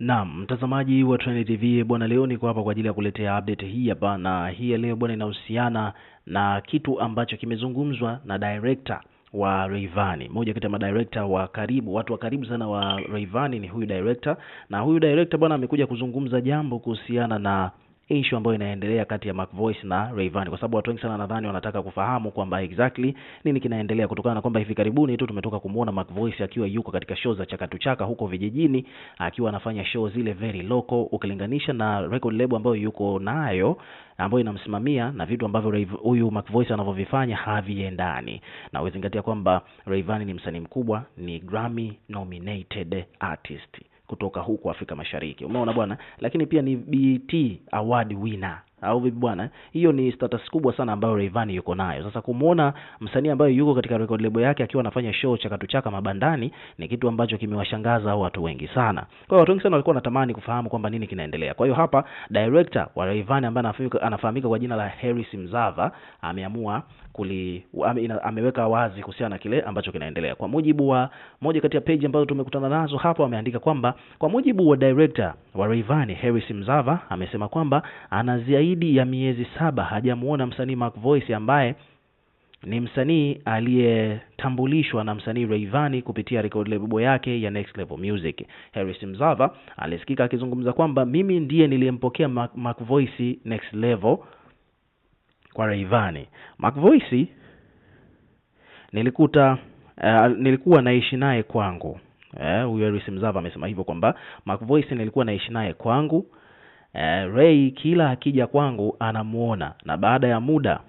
Naam, mtazamaji wa Trend TV bwana, leo niko hapa kwa ajili ya kuletea update hii hapa, na hii ya leo bwana, inahusiana na kitu ambacho kimezungumzwa na director wa Rayvanny, mmoja kati ya madirekta wa karibu, watu wa karibu sana wa Rayvanny ni huyu director, na huyu director bwana amekuja kuzungumza jambo kuhusiana na issue ambayo inaendelea kati ya Mac Voice na Rayvan, kwa sababu watu wengi sana nadhani wanataka kufahamu kwamba exactly nini kinaendelea, kutokana na kwamba hivi karibuni tu tumetoka kumwona Mac Voice akiwa yuko katika show za chakatuchaka huko vijijini, akiwa anafanya show zile very local, ukilinganisha na record label ambayo yuko nayo ambayo inamsimamia na vitu ambavyo huyu Mac Voice anavyovifanya haviendani, na ukizingatia kwamba Rayvan ni msanii mkubwa, ni Grammy nominated artist kutoka huku Afrika Mashariki. Umeona bwana, lakini pia ni BET award winner au vipi bwana? Hiyo ni status kubwa sana ambayo Rayvanny yuko nayo sasa. Kumwona msanii ambaye yuko katika record label yake akiwa anafanya show cha katuchaka mabandani ni kitu ambacho kimewashangaza watu wengi sana. Kwa hiyo watu wengi sana walikuwa wanatamani kufahamu kwamba nini kinaendelea. Kwa hiyo hapa director wa Rayvanny ambaye anafahamika kwa jina la Harris Mzava ameamua kuli ame, ameweka wazi kuhusiana na kile ambacho kinaendelea. Kwa mujibu wa moja kati ya page ambazo tumekutana nazo hapo, ameandika kwamba kwa mujibu wa director wa Rayvanny Harris Mzava amesema kwamba anazia zaidi ya miezi saba hajamuona msanii Mac Voice ambaye ni msanii aliyetambulishwa na msanii Rayvanny kupitia record label yake ya Next Level Music. Harris Mzava alisikika akizungumza kwamba mimi ndiye niliyempokea Mac, Mac Voice Next Level kwa Rayvanny. Mac Voice nilikuta uh, nilikuwa naishi naye kwangu. Eh, huyu Harris Mzava amesema hivyo kwamba Mac Voice nilikuwa naishi naye kwangu eh, Ray kila akija kwangu anamuona, na baada ya muda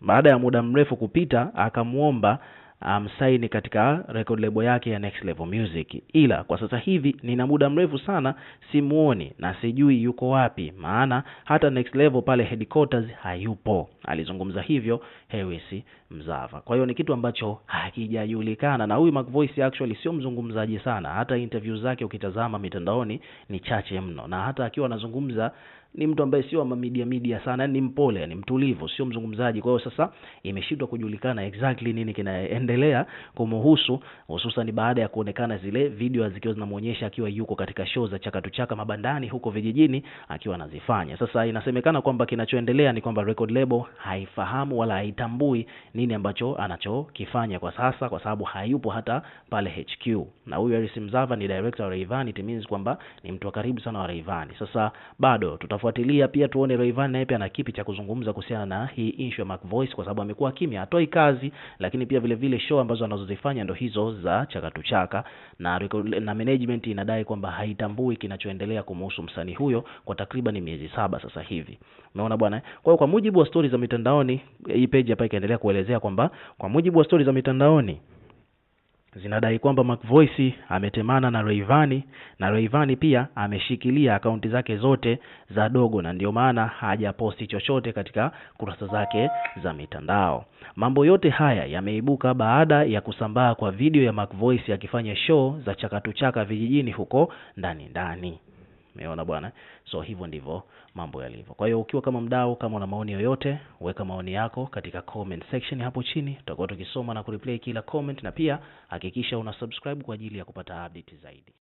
baada ya muda mrefu kupita akamwomba amsaini um, katika record label yake ya Next Level Music, ila kwa sasa hivi nina muda mrefu sana simuoni na sijui yuko wapi, maana hata Next Level pale headquarters hayupo. Alizungumza hivyo Hewesi Mzava. Kwa hiyo ni kitu ambacho hakijajulikana, na huyu MacVoice actually sio mzungumzaji sana, hata interview zake ukitazama mitandaoni ni chache mno, na hata akiwa anazungumza ni mtu ambaye sio media media sana, ni mpole, ni mtulivu, sio mzungumzaji. Kwa hiyo sasa imeshindwa kujulikana exactly nini kinaendelea kumhusu, hususan baada ya kuonekana zile video zikiwa zinamuonyesha akiwa yuko katika show za chakatu chaka mabandani huko vijijini akiwa anazifanya. Sasa inasemekana kwamba kinachoendelea ni kwamba record label haifahamu wala haitambui nini ambacho anachokifanya kwa sasa, kwa sababu hayupo hata pale HQ, na huyu Harris Mzava ni director wa Rayvanny, it means kwamba ni mtu wa karibu sana wa Rayvanny. Sasa bado tuta tutafuatilia pia tuone Rayvanny naye pia ana kipi cha kuzungumza kuhusiana na hii issue ya Mac Voice, kwa sababu amekuwa kimya, hatoi kazi, lakini pia vile vile show ambazo anazozifanya ndo hizo za chakatuchaka na, na management inadai kwamba haitambui kinachoendelea kumhusu msanii huyo kwa takriban miezi saba sasa hivi. Umeona bwana? Eh? Kwa hiyo kwa mujibu wa stori za mitandaoni, hii page hapa ikaendelea kuelezea kwamba kwa mujibu wa stori za mitandaoni zinadai kwamba McVoice ametemana na Rayvanny na Rayvanny pia ameshikilia akaunti zake zote za dogo, na ndio maana hajaposti chochote katika kurasa zake za mitandao. Mambo yote haya yameibuka baada ya kusambaa kwa video ya McVoice akifanya show za chakatuchaka vijijini huko ndani ndani. Umeona bwana? So hivyo ndivyo mambo yalivyo. Kwa hiyo ukiwa kama mdau, kama una maoni yoyote, weka maoni yako katika comment section hapo chini. Tutakuwa tukisoma na kureply kila comment, na pia hakikisha una subscribe kwa ajili ya kupata update zaidi.